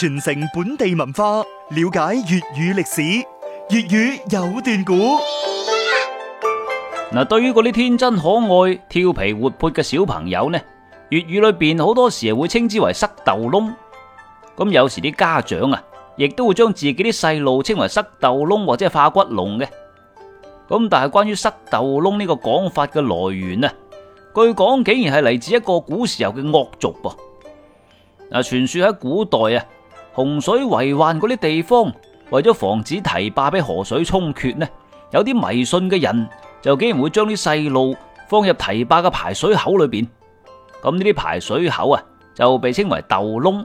傳承本地文化，了解粵語歷史，粵語有段古。嗱， 對於嗰啲天真可愛、調皮活潑嘅小朋友呢，粵語裏邊好多時啊會稱之為塞豆窿。咁有時啲家長啊，亦都會將自己啲細路稱為塞豆窿或者化骨龍嘅。咁但係關於塞豆窿呢個講法嘅來源啊，據講竟然係嚟自一個古時候嘅惡俗噃。嗱，傳說喺古代啊。洪水為患嗰啲地方，為咗防止堤壩俾河水沖缺呢，有啲迷信嘅人就竟然會將啲細路放入堤壩嘅排水口裏邊。咁呢啲排水口啊，就被稱為豆窿。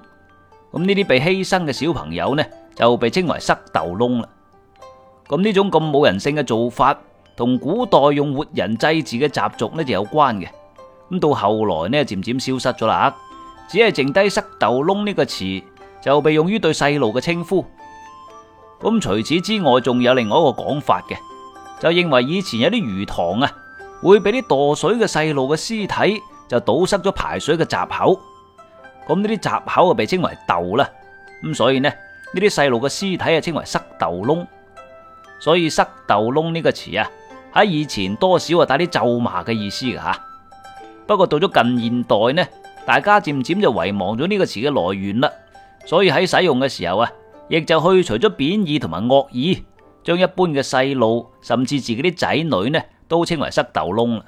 咁呢啲被犧牲嘅小朋友呢，就被稱為塞豆窿啦。咁呢種咁冇人性嘅做法，同古代用活人祭祀嘅習俗呢，就有關嘅。咁到後來呢，漸漸消失咗啦，只係剩低塞豆窿呢個詞就被用於對細路嘅稱呼。咁除此之外，仲有另外一個講法嘅，就認為以前有啲魚塘啊，會俾啲墮水嘅細路嘅屍體就堵塞咗排水嘅閘口。咁呢啲閘口啊，被稱為竇啦。咁所以呢呢啲細路嘅屍體啊，稱為塞豆窿。所以塞豆窿呢個詞啊，喺以前多少啊帶啲咒罵嘅意思㗎吓。不過到咗近現代呢，大家漸漸就遺忘咗呢個詞嘅來源啦。所以喺使用嘅時候啊，亦就去除咗貶義同埋惡意，將一般嘅細路，甚至自己啲仔女呢，都稱為塞豆窿啦。